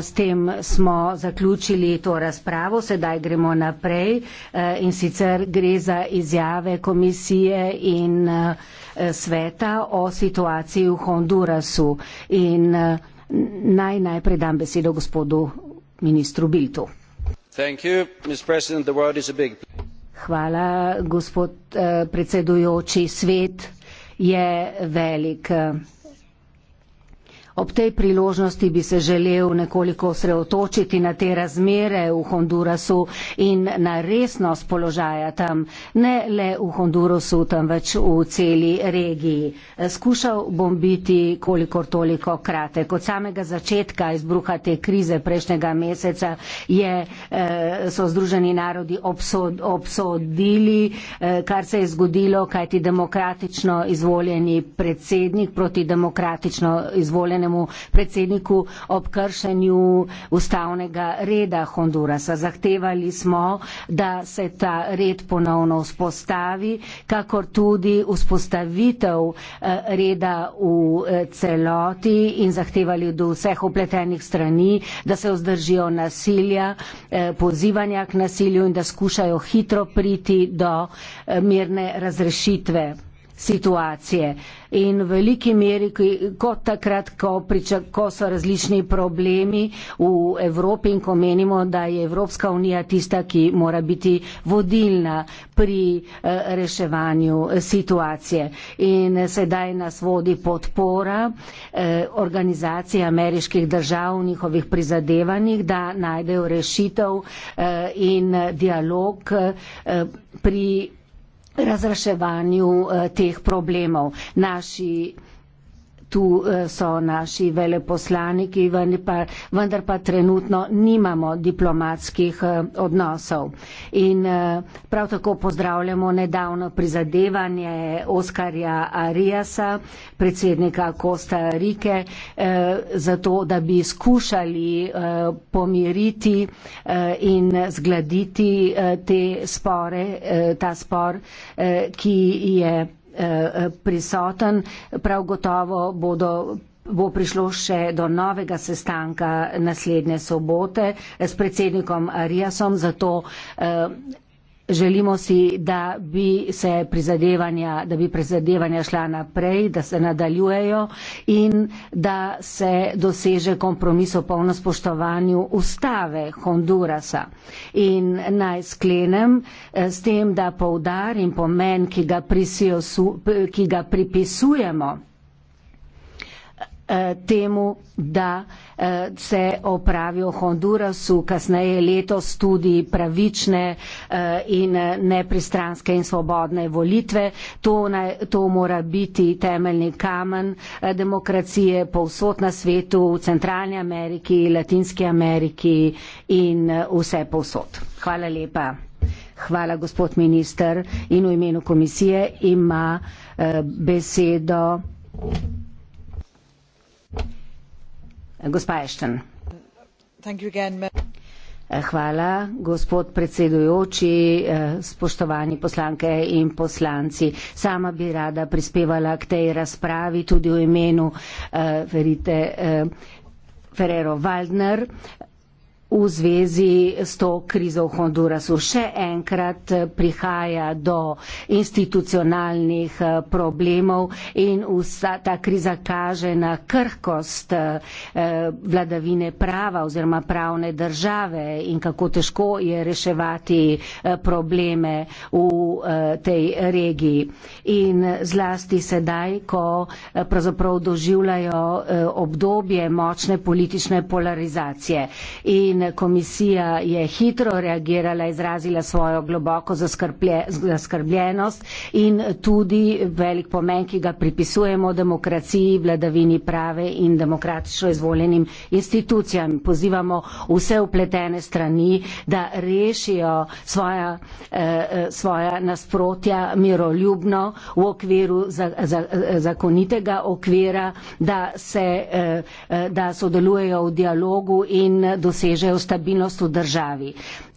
s tem smo zaključili to razpravo, sedaj gremo naprej eh, in sicer gre za izjave komisije in eh, sveta o situaciji v Hondurasu. In eh, naj najprej dam besedo gospodu ministru Biltu. Hvala, gospod predsedujoči. Svet je velik. Ob tej priložnosti bi se želel nekoliko osredotočiti na te razmere v Hondurasu in na resnost položaja tam, ne le v Hondurasu, temveč v celi regiji. Skušal bom biti kolikor toliko kratek. Od samega začetka izbruha te krize prejšnjega meseca je, eh, so Združeni narodi obsod, obsodili, eh, kar se je zgodilo, kajti demokratično izvoljeni predsednik proti demokratično izvoljeni omenjenemu predsedniku ob kršenju ustavnega reda Hondurasa. Zahtevali smo, da se ta red ponovno vzpostavi, kakor tudi vzpostavitev eh, reda v eh, celoti in zahtevali do vseh upletenih strani, da se vzdržijo nasilja, eh, pozivanja k nasilju in da skušajo hitro priti do mirne razrešitve situacije. In v veliki meri, kot takrat, ko, pričak, ko so različni problemi v Evropi in ko menimo, da je Evropska unija tista, ki mora biti vodilna pri eh, reševanju eh, situacije. In eh, sedaj nas vodi podpora organizacije ameriških držav v njihovih prizadevanjih, da najdejo rešitev in dialog pri razreševanju eh, teh problemov. Naši tu eh, so naši veleposlaniki, vendar pa trenutno nimamo diplomatskih eh, odnosov. In eh, prav tako pozdravljamo nedavno prizadevanje Oskarja Arijasa, predsednika Kosta Rike, zato da bi skušali pomiriti in zgladiti te spore, ta spor, ki je Eh, eh, prisoten. Prav gotovo bodo, bo prišlo še do novega sestanka naslednje sobote s predsednikom Ariasom, zato eh, Želimo si, da bi se prizadevanja, da bi prizadevanja šla naprej, da se nadaljujejo in da se doseže kompromis o polno spoštovanju ustave Hondurasa. In naj sklenem eh, s tem, da poudarim pomen, ki ga, prisijo, ki ga pripisujemo Eh, temu, da eh, se opravi v Hondurasu kasneje letos tudi pravične eh, in nepristranske in svobodne volitve. To, naj, to mora biti temeljni kamen demokracije povsod na svetu, v Centralni Ameriki, Latinski Ameriki in vse povsod. Hvala lepa. Hvala, gospod minister. In v imenu komisije ima besedo. Eh, hvala, gospod predsedujoči, eh, spoštovani poslanke in poslanci. Sama bi rada prispevala k tej razpravi tudi v imenu, eh, verite, Ferrero Waldner v zvezi s to krizo v Hondurasu. Še enkrat prihaja do institucionalnih eh, problemov in vsa ta kriza kaže na krhkost eh, vladavine prava oziroma pravne države in kako težko je reševati eh, probleme v tej regiji. In zlasti sedaj, ko pravzaprav doživljajo obdobje močne politične polarizacije. In komisija je hitro reagirala, izrazila svojo globoko zaskrbljenost in tudi velik pomen, ki ga pripisujemo demokraciji, vladavini prave in demokratično izvoljenim institucijam. Pozivamo vse upletene strani, da rešijo svoja, eh, eh svoja nasprotja miroljubno v okviru za, za, zakonitega okvira, da, se, eh, eh da sodelujejo v dialogu in dosežejo v stabilnost v državi.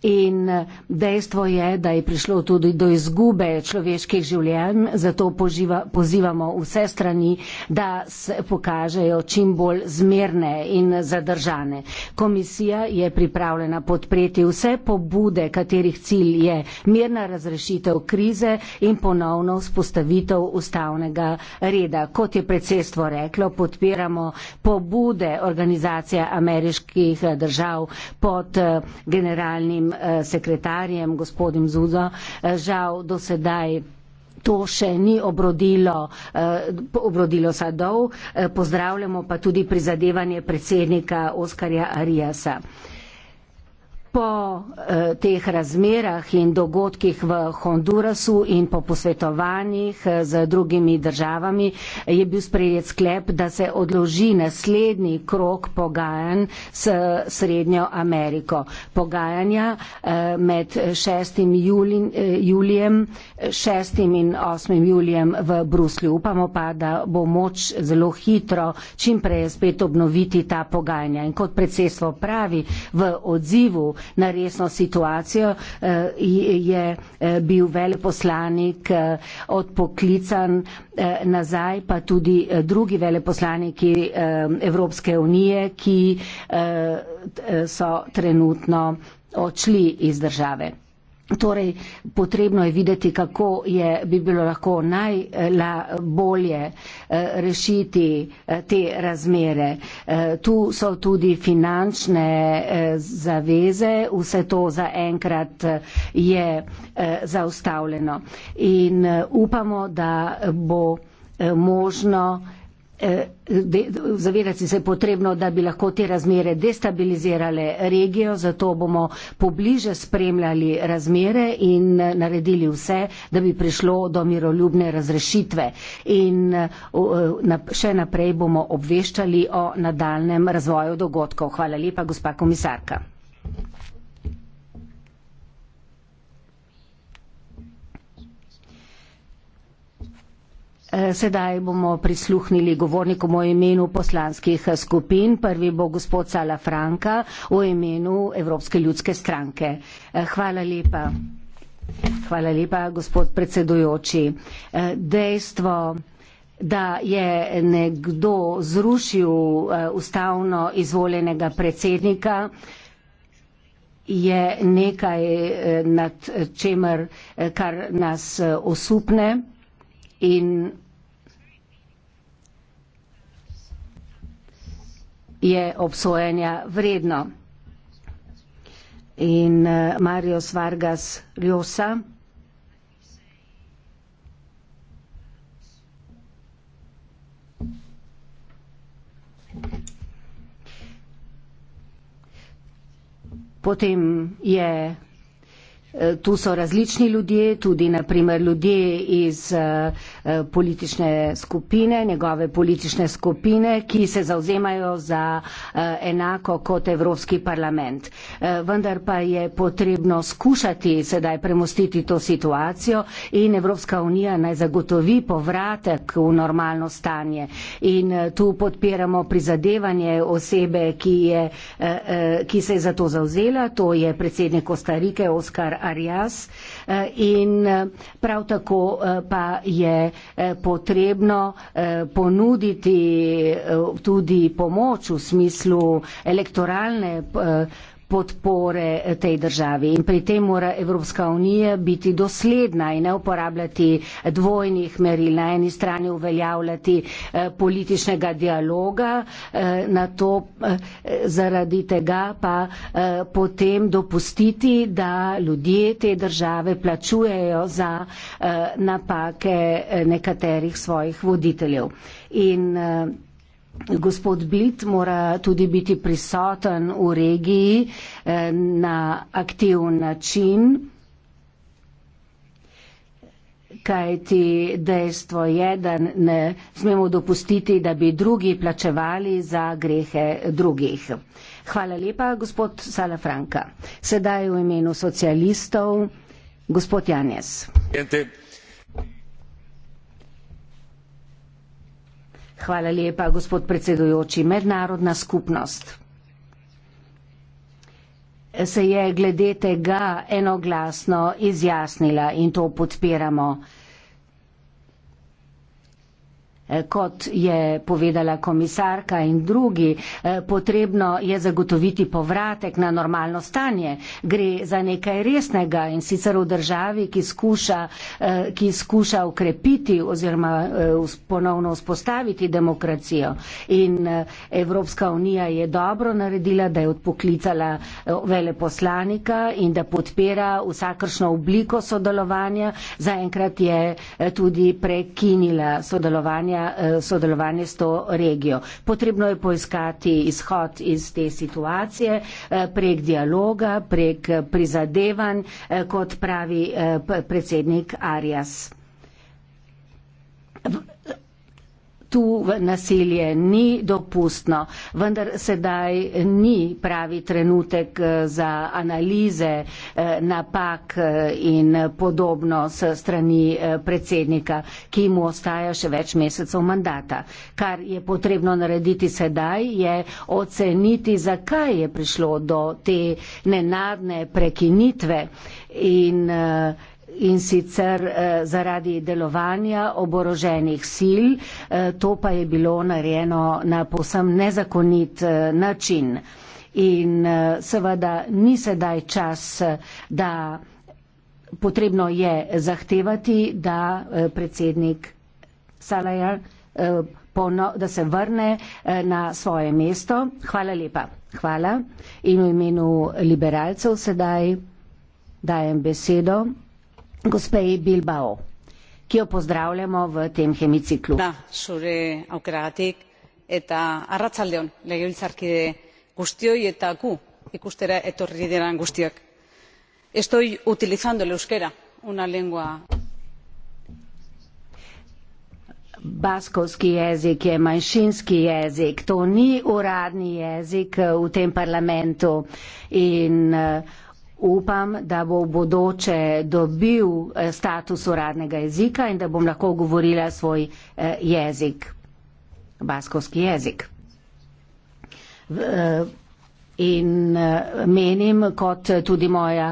In eh, dejstvo je, da je prišlo tudi do izgube človeških življenj, zato poživa, pozivamo vse strani, da se pokažejo čim bolj zmerne in zadržane. Komisija je pripravljena podpreti vse pobude, katerih cilj je mirna razrešitev krize in ponovno vzpostavitev ustavnega reda. Kot je predsedstvo reklo, podpiramo pobude organizacije ameriških eh, držav pod eh, generalnim eh, sekretarjem gospodim Zuzo. Eh, žal do sedaj to še ni obrodilo, obrodilo sadov, pozdravljamo pa tudi prizadevanje predsednika Oskarja Arijasa po eh, teh razmerah in dogodkih v Hondurasu in po posvetovanjih eh, z drugimi državami je bil sprejet sklep, da se odloži naslednji krok pogajanj s Srednjo Ameriko. Pogajanja eh, med 6. Julin, eh, julijem, 6. in 8. julijem v Bruslju. Upamo pa, da bo moč zelo hitro, čim prej spet obnoviti ta pogajanja. In kot predsedstvo pravi, v odzivu, na resno situacijo, eh, je eh, bil veleposlanik eh, odpoklican nazaj, pa tudi drugi veleposlaniki Evropske unije, ki so trenutno odšli iz države. Torej, potrebno je videti, kako je, bi bilo lahko najbolje eh, eh, rešiti eh, te razmere. Tu so tudi finančne zaveze, vse to zaenkrat je zaustavljeno. In upamo, da bo možno Zavedati se je potrebno, da bi lahko te razmere destabilizirale regijo, zato bomo pobliže spremljali razmere in naredili vse, da bi prišlo do miroljubne razrešitve. In še naprej bomo obveščali o nadaljem razvoju dogodkov. Hvala lepa, gospa komisarka. Eh, sedaj bomo prisluhnili govornikom o imenu poslanskih eh, skupin. Prvi bo gospod Sala Franka v imenu Evropske ljudske stranke. Eh, hvala lepa. Hvala lepa, gospod predsedujoči. Dejstvo, da je nekdo zrušil ustavno izvoljenega predsednika, je nekaj nad čemer, kar nas osupne in je obsojanja vredno. In eh, Mario Svargas Ljosa Potem je, eh, tu so različni ljudje, tudi naprimer ljudje iz uh, Eh, politične skupine, njegove politične skupine, ki se zauzemajo za eh, enako kot Evropski parlament. Eh, vendar pa je potrebno skušati sedaj premostiti to situacijo in Evropska unija naj zagotovi povratek v normalno stanje. In tu podpiramo prizadevanje osebe, ki, je, ki se je za to zauzela, to je predsednik Kostarike Oskar Arias. In prav tako pa je Eh, potrebno eh, ponuditi eh, tudi pomoč v smislu elektoralne podpore eh, tej državi. In pri tem mora Evropska unija biti dosledna in ne uporabljati dvojnih meril. Na eni strani uveljavljati eh, političnega dialoga, eh, na to zaradi tega pa potem dopustiti, da ljudje te države plačujejo za napake nekaterih svojih voditeljev. In uh, Gospod Bild mora tudi biti prisoten v regiji eh, na aktiven način, kajti dejstvo je, da ne smemo dopustiti, da bi drugi plačevali za grehe drugih. Hvala lepa, gospod Salafranka. Sedaj v imenu socialistov, gospod Janes. Gente. Hvala lepa, gospod predsedujoči. Mednarodna skupnost se je glede tega enoglasno izjasnila in to podpiramo. Eh, kot je povedala komisarka in drugi, eh, potrebno je zagotoviti povratek na normalno stanje. Gre za nekaj resnega in sicer v državi, ki skuša, eh, ki skuša ukrepiti oziroma ponovno vzpostaviti demokracijo. In Evropska unija je dobro naredila, da je odpoklicala veleposlanika in da podpira vsakršno obliko sodelovanja. Zaenkrat je tudi prekinila sodelovanje ohranja eh, sodelovanje s to regijo. Potrebno je poiskati izhod iz te situacije eh, prek dialoga, prek eh, prizadevanj, kot pravi predsednik Arias tu nasilje ni dopustno, vendar sedaj ni pravi trenutek eh, za analize eh, napak eh, in podobno s strani predsednika, ki mu ostaja še več mesecev mandata. Kar je potrebno narediti sedaj, je oceniti, zakaj je prišlo do te nenadne prekinitve in uh, in sicer eh, zaradi delovanja oboroženih sil, eh, to pa je bilo narejeno na posem nezakonit eh, način. In seveda ni sedaj čas, da potrebno je zahtevati, da predsednik Salaja Pono, da se vrne na svoje mesto. Hvala lepa. Hvala. In v imenu liberalcev sedaj dajem besedo gospe Bilbao, ki jo pozdravljamo v tem hemiciklu. Da, zure aukeratik eta arratzaldeon legebiltzarkide guztioi eta gu ikustera etorri diren guztiak. Estoy utilizando el euskera, una lengua Baskovski jezik je manjšinski jezik, to ni uradni jezik eh, v tem parlamentu in uh, upam, da bo v bodoče dobil eh, status uradnega jezika in da bom lahko govorila svoj eh, jezik, baskovski jezik. Eh, in menim, kot tudi moja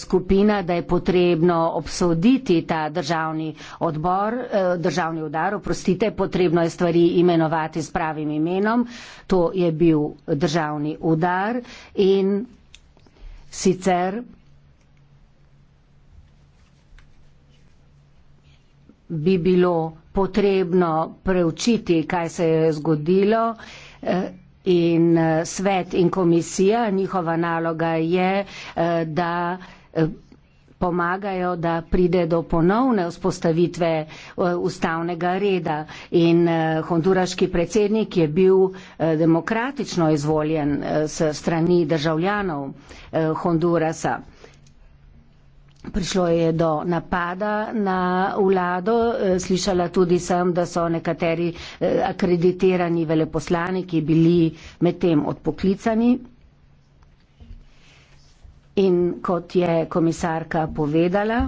skupina, da je potrebno obsoditi ta državni odbor, državni udar, oprostite, potrebno je stvari imenovati s pravim imenom, to je bil državni udar in Sicer bi bilo potrebno preučiti, kaj se je zgodilo eh, in eh, svet in komisija, njihova naloga je, eh, da pomagajo, da pride do ponovne vzpostavitve eh, ustavnega reda. In eh, honduraški predsednik je bil eh, demokratično izvoljen s strani državljanov Hondurasa. Prišlo je do napada na vlado. Slišala tudi sem, da so nekateri akreditirani veleposlaniki bili medtem odpoklicani. In kot je komisarka povedala,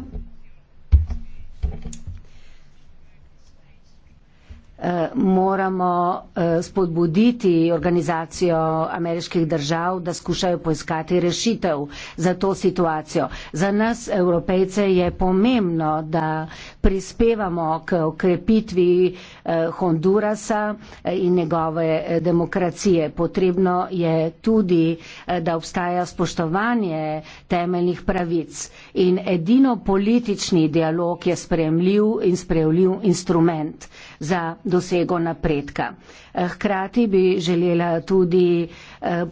Eh, moramo eh, spodbuditi organizacijo ameriških držav, da skušajo poiskati rešitev za to situacijo. Za nas, evropejce, je pomembno, da prispevamo k okrepitvi eh, Hondurasa in njegove demokracije. Potrebno je tudi, da obstaja spoštovanje temeljnih pravic in edino politični dialog je spremljiv in spremljiv instrument za dosego napredka. Eh, hkrati bi želela tudi eh,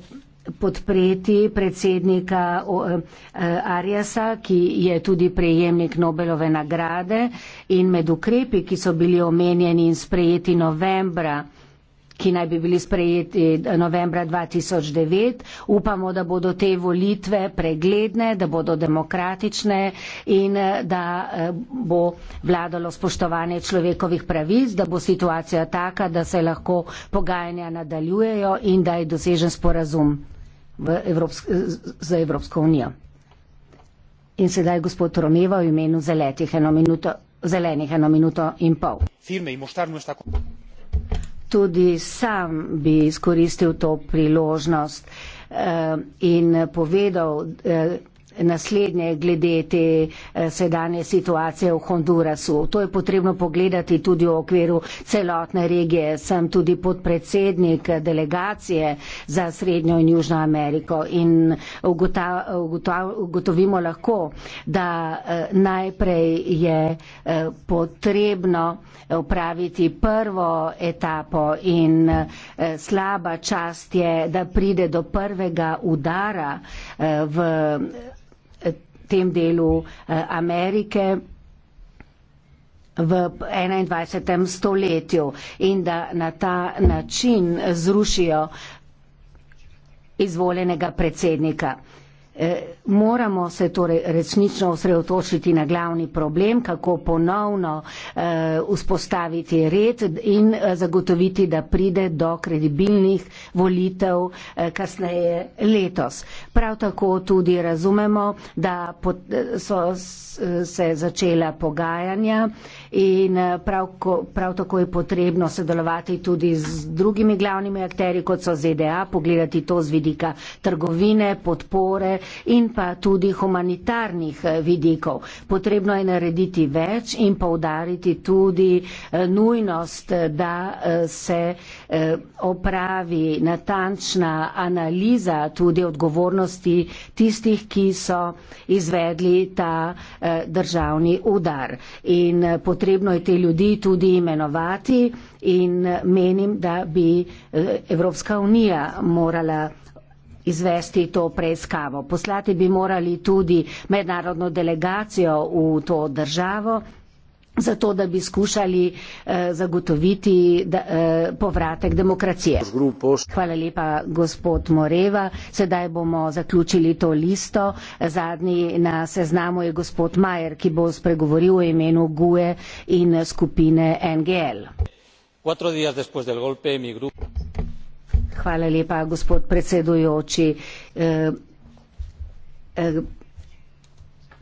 podpreti predsednika eh, Arjasa, ki je tudi prejemnik Nobelove nagrade in med ukrepi, ki so bili omenjeni in sprejeti novembra ki naj bi bili sprejeti eh, novembra 2009. Upamo, da bodo te volitve pregledne, da bodo demokratične in eh, da eh, bo vladalo spoštovanje človekovih pravic, da bo situacija taka, da se lahko pogajanja nadaljujejo in da je dosežen sporazum Evropsk za Evropsko unijo. In sedaj gospod Romeva v imenu zeletih eno minuto. Zelenih eno minuto in pol. Firme in moštarno je tako. Tudi sam bi izkoristil to priložnost eh, in povedal eh, naslednje glede te eh, sedanje situacije v Hondurasu. To je potrebno pogledati tudi v okviru celotne regije. Sem tudi podpredsednik delegacije za Srednjo in Južno Ameriko in ugotovimo lahko, da eh, najprej je eh, potrebno upraviti prvo etapo in slaba čast je, da pride do prvega udara v tem delu eh, Amerike v 21. stoletju in da na ta način zrušijo izvoljenega predsednika. Eh, moramo se torej resnično osredotočiti na glavni problem, kako ponovno eh, vzpostaviti red in eh, zagotoviti, da pride do kredibilnih volitev kasneje letos. Prav tako tudi razumemo, da so se začela pogajanja in prav, prav tako je potrebno sodelovati tudi z drugimi glavnimi akteri, kot so ZDA, pogledati to z vidika trgovine, podpore, in pa tudi humanitarnih eh, vidikov. Potrebno je narediti več in povdariti tudi eh, nujnost, eh, da se opravi natančna analiza tudi odgovornosti tistih, ki so izvedli ta državni udar. In potrebno je te ljudi tudi imenovati in menim, da bi Evropska unija morala izvesti to preiskavo. Poslati bi morali tudi mednarodno delegacijo v to državo, zato da bi skušali eh, zagotoviti da, eh, povratek demokracije. Hvala lepa, gospod Moreva. Sedaj bomo zaključili to listo. Zadnji na seznamu je gospod Majer, ki bo spregovoril o imenu GUE in skupine NGL. 4 dni po golpe mi grupa. Hvala lepa, gospod predsedujoči. Eh, eh,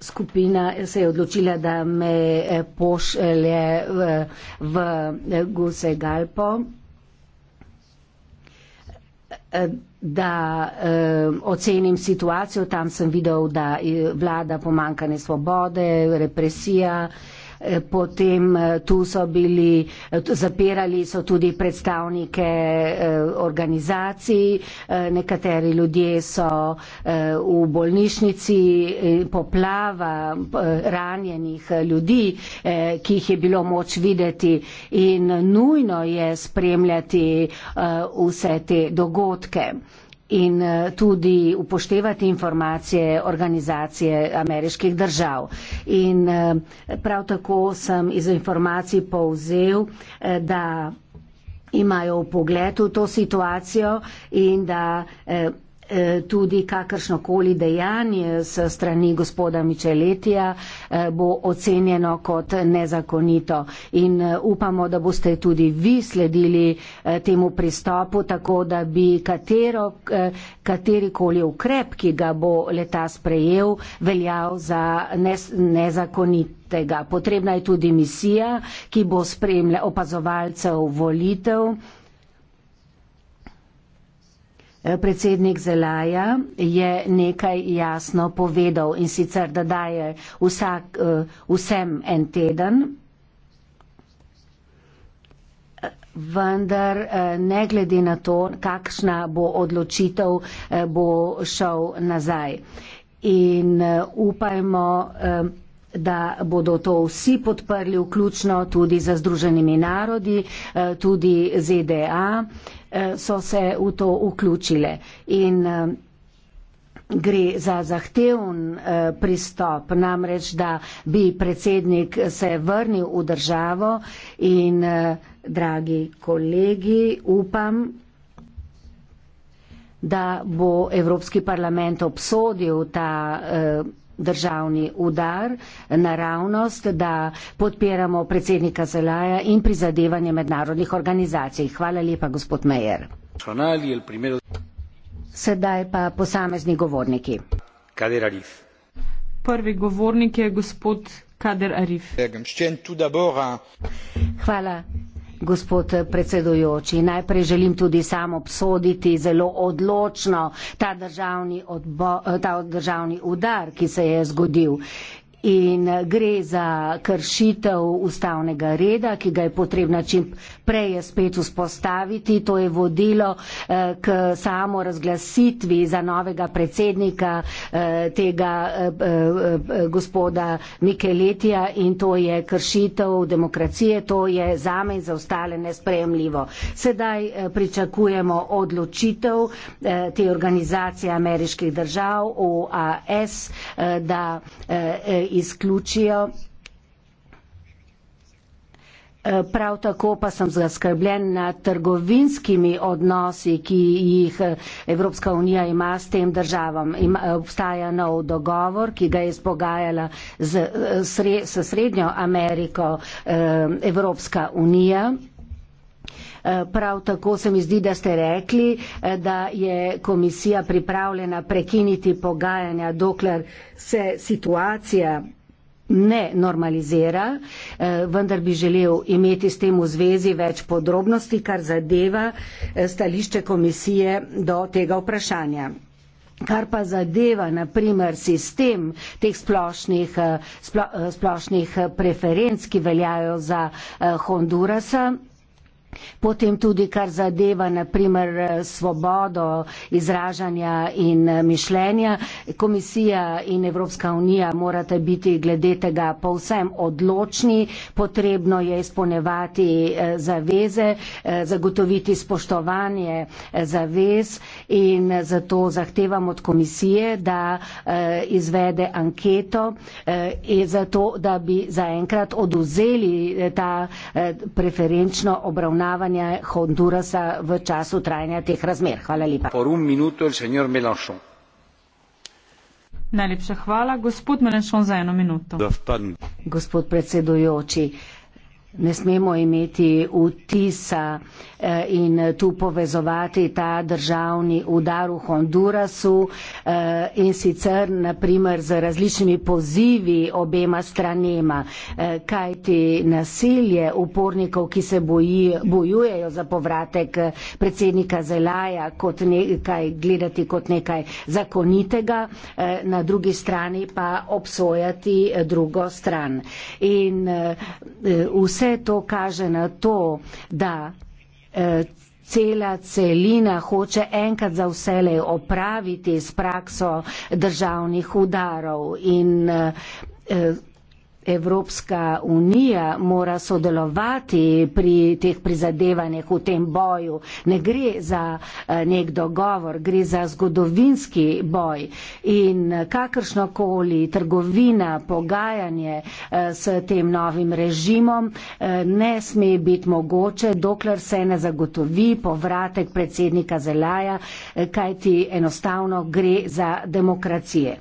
skupina se je odločila, da me eh, pošlje v, v Guse Galpo, da ocenim situacijo. Tam sem videl, da vlada pomankanje svobode, represija. Potem eh, tu so bili, eh, zapirali so tudi predstavnike eh, organizacij, nekateri ljudje so v bolnišnici poplava ranjenih ljudi, ki jih je bilo moč videti in nujno je spremljati vse te dogodke in eh, tudi upoštevati informacije organizacije ameriških držav. In eh, prav tako sem iz informacij povzel, eh, da imajo v pogledu to situacijo in da Eh, tudi kakršno koli dejanje s strani gospoda Mičeletija eh, bo ocenjeno kot nezakonito. In eh, upamo, da boste tudi vi sledili temu pristopu, tako da bi katero, kateri koli ukrep, ki ga bo leta sprejel, veljal za nezakonit. Tega. Potrebna je tudi misija, ki bo spremljala opazovalcev volitev predsednik Zelaja je nekaj jasno povedal in sicer, da daje vsak, eh, vsem en teden. Vendar eh, ne glede na to, kakšna bo odločitev, eh, bo šel nazaj. In upajmo, da bodo to vsi podprli, vključno tudi za Združenimi narodi, eh, tudi ZDA eh, so se v to vključile. In eh, gre za zahteven pristop, namreč, da bi predsednik se vrnil v državo in, dragi kolegi, upam, da bo Evropski parlament obsodil ta državni udar, naravnost, da podpiramo predsednika Zelaja in prizadevanje mednarodnih organizacij. Hvala lepa, gospod Mejer. Sedaj pa posamezni govorniki. Kader Arif. Prvi govornik je gospod Kader Arif. Hvala. Gospod predsedujoči, najprej želim tudi sam obsoditi zelo odločno ta državni, odbo, ta državni udar, ki se je zgodil in gre za kršitev ustavnega reda, ki ga je potrebno čim prej spet vzpostaviti. To je vodilo eh, k samo razglasitvi za novega predsednika eh, tega eh, gospoda Mikeletija in to je kršitev demokracije, to je za me in za ostale nespremljivo. Sedaj pričakujemo odločitev te organizacije ameriških držav, OAS, da izključijo. E, prav tako pa sem zaskrbljen nad trgovinskimi odnosi, ki jih Evropska unija ima s tem državam. Ima, e, obstaja nov dogovor, ki ga je spogajala e, s sre, Srednjo Ameriko Evropska unija. Prav tako se mi zdi, da ste rekli, eh, da je komisija pripravljena prekiniti pogajanja, dokler se situacija ne normalizira, eh, vendar bi želel imeti s tem v zvezi več podrobnosti, kar zadeva eh, stališče komisije do tega vprašanja. Kar pa zadeva, naprimer, sistem teh splošnih, splo, splošnih preferenc, ki veljajo za Hondurasa, Potem tudi, kar zadeva naprimer svobodo izražanja in eh, mišljenja, komisija in Evropska unija morate biti glede tega povsem odločni, potrebno je izpolnevati eh, zaveze, eh, zagotoviti spoštovanje zavez in zato zahtevam od komisije, da izvede anketo in zato, da bi zaenkrat oduzeli ta preferenčno obravnavo obravnavanja Hondurasa v času trajanja teh razmer. Hvala lepa. Najlepša hvala. Gospod Melenšon za eno minuto. Gospod predsedujoči, ne smemo imeti vtisa eh, in tu povezovati ta državni udar v Hondurasu eh, in sicer naprimer z različnimi pozivi obema stranema, eh, kajti nasilje upornikov, ki se boji, bojujejo za povratek predsednika Zelaja, kot nekaj gledati kot nekaj zakonitega, na drugi strani pa obsojati drugo stran. In vse vse to kaže na to, da eh, cela celina hoče enkrat za vselej opraviti s prakso državnih udarov in eh, eh, Evropska unija mora sodelovati pri teh prizadevanjih v tem boju. Ne gre za eh, nek dogovor, gre za zgodovinski boj. In kakršnokoli trgovina, pogajanje eh, s tem novim režimom eh, ne sme biti mogoče, dokler se ne zagotovi povratek predsednika Zelaja, kajti enostavno gre za demokracijo.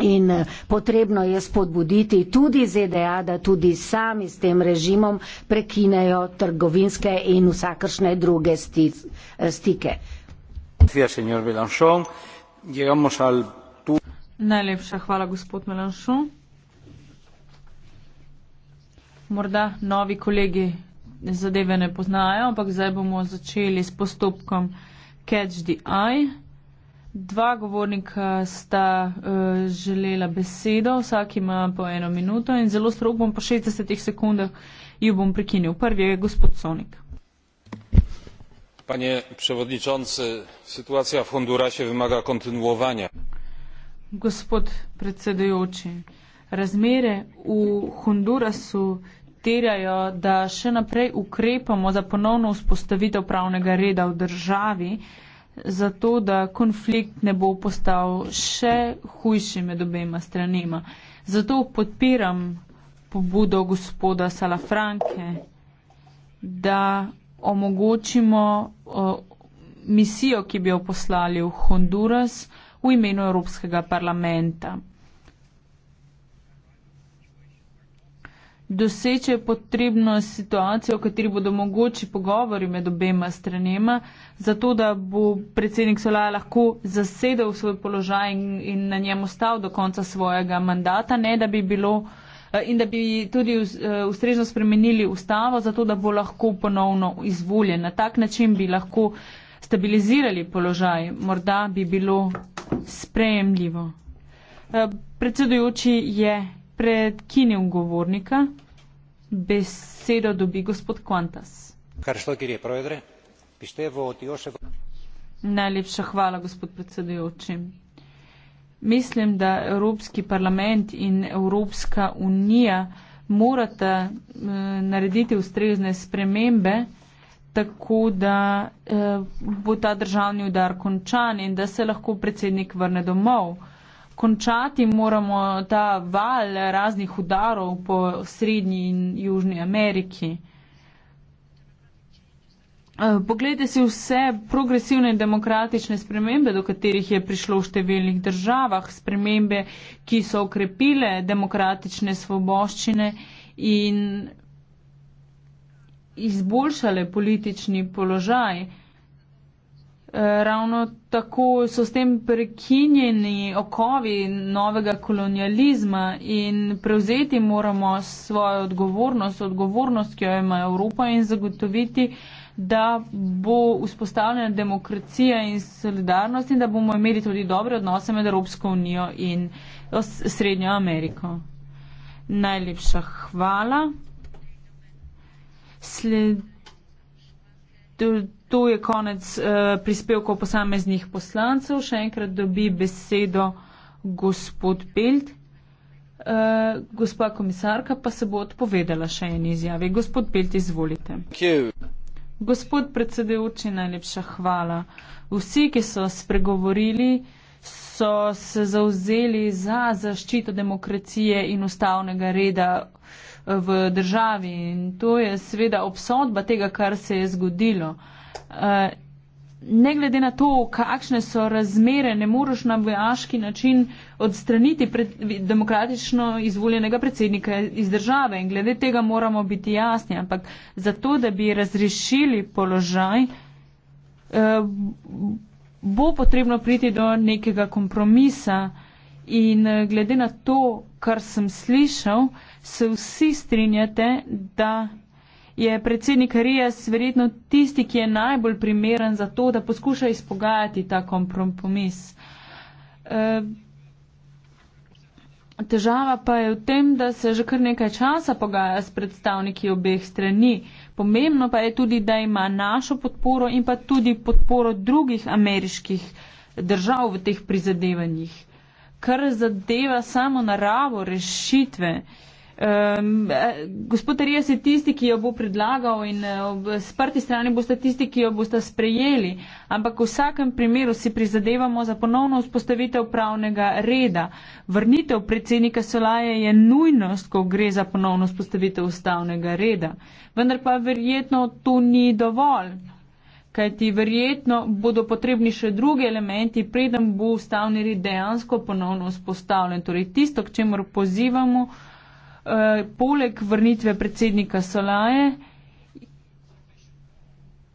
In eh, potrebno je spodbuditi tudi ZDA, da tudi sami s tem režimom prekinejo trgovinske in vsakršne druge eh, stike. Najlepša hvala, gospod Melanchon. Morda novi kolegi zadeve ne poznajo, ampak zdaj bomo začeli s postopkom Catch the Eye. Dva govornika eh, sta uh, želela besedo, vsak ima po eno minuto in zelo strog bom po 60 sekundah jo bom prekinil. Prvi je gospod Sonik. Panie przewodniczący, sytuacja w Hondurasie wymaga kontynuowania. Gospod predsedujoči, razmere v Hondurasu terjajo, da še naprej ukrepamo za ponovno vzpostavitev pravnega reda v državi. Uh, zato da konflikt ne bo postal še hujši med obema stranima. Zato podpiram pobudo gospoda Salafranke, da omogočimo misijo, ki bi jo poslali v Honduras v imenu Evropskega parlamenta. doseče potrebno situacijo, v kateri bodo mogoči pogovori med obema stranema, zato da bo predsednik Solaja lahko zasedel svoj položaj in, in na njem ostal do konca svojega mandata, ne da bi bilo eh, in da bi tudi eh, ustrežno spremenili ustavo, zato da bo lahko ponovno izvoljen. Na tak način bi lahko stabilizirali položaj, morda bi bilo sprejemljivo. Eh, predsedujoči je prekinil govornika. Besedo dobi gospod Kvantas. Najlepša hvala, gospod predsedujoči. Mislim, da Evropski parlament in Evropska unija morata eh, narediti ustrezne spremembe, tako da eh, bo ta državni udar končan in da se lahko predsednik vrne domov končati moramo ta val raznih udarov po Srednji in Južni Ameriki. Eh, poglejte si vse progresivne in demokratične spremembe, do katerih je prišlo v številnih državah, spremembe, ki so okrepile demokratične svoboščine in izboljšale politični položaj. Uh, Eh, ravno tako so s tem prekinjeni okovi novega kolonializma in prevzeti moramo svojo odgovornost, odgovornost, ki jo ima Evropa in zagotoviti, da bo vzpostavljena demokracija in solidarnost in da bomo imeli tudi dobre odnose med Evropsko unijo in eh, Srednjo Ameriko. Najlepša hvala. Sled... To je konec uh, prispevkov posameznih poslancev. Še enkrat dobi besedo gospod Pelt. Uh, gospa komisarka pa se bo odpovedala še en izjavi. Gospod Pelt, izvolite. Gospod predsedujoči, najlepša hvala. Vsi, ki so spregovorili, so se zauzeli za zaščito demokracije in ustavnega reda eh, v državi. In to je sveda obsodba tega, kar se je zgodilo. Uh, Eh, ne glede na to, kakšne so razmere, ne moreš na vojaški način odstraniti pred, demokratično izvoljenega predsednika iz države. In glede tega moramo biti jasni. Ampak zato, da bi razrešili položaj, eh, bo potrebno priti do nekega kompromisa. In eh, glede na to, kar sem slišal, se vsi strinjate, da je predsednik Rijas verjetno tisti, ki je najbolj primeren za to, da poskuša izpogajati ta kompromis. E, težava pa je v tem, da se že kar nekaj časa pogaja s predstavniki obeh strani. Pomembno pa je tudi, da ima našo podporo in pa tudi podporo drugih ameriških držav v teh prizadevanjih. Kar zadeva samo naravo rešitve, eh, Um, gospod Arias je tisti, ki jo bo predlagal in e, ob sprti strani boste tisti, ki jo boste sprejeli, ampak v vsakem primeru si prizadevamo za ponovno vzpostavitev pravnega reda. Vrnitev predsednika Solaje je nujnost, ko gre za ponovno vzpostavitev ustavnega reda. Vendar pa verjetno to ni dovolj, kajti verjetno bodo potrebni še drugi elementi, preden bo ustavni red dejansko ponovno vzpostavljen. Torej tisto, k čemu pozivamo, Eh, poleg vrnitve predsednika Solaje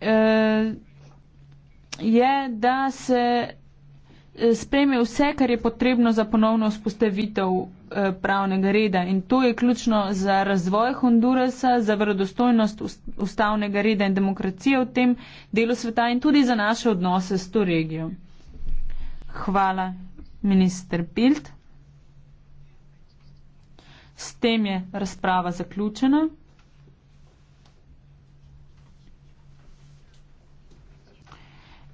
eh, je, da se eh, spreme vse, kar je potrebno za ponovno vzpostavitev pravnega reda in to je ključno za razvoj Hondurasa, za verodostojnost ustavnega reda in demokracije v tem delu sveta in tudi za naše odnose s to regijo. Hvala, minister Pilt. S tem je razprava zaključena.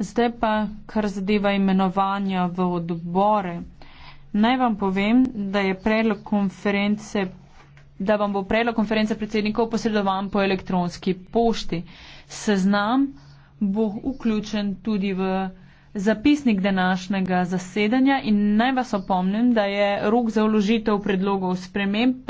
Zdaj pa, kar zadeva imenovanja v odbore. Naj vam povem, da je predlog konference da vam bo predlog konference predsednikov posredovan po elektronski pošti. Seznam bo vključen tudi v zapisnik današnjega zasedanja in naj vas opomnim, da je rok za vložitev predlogov sprememb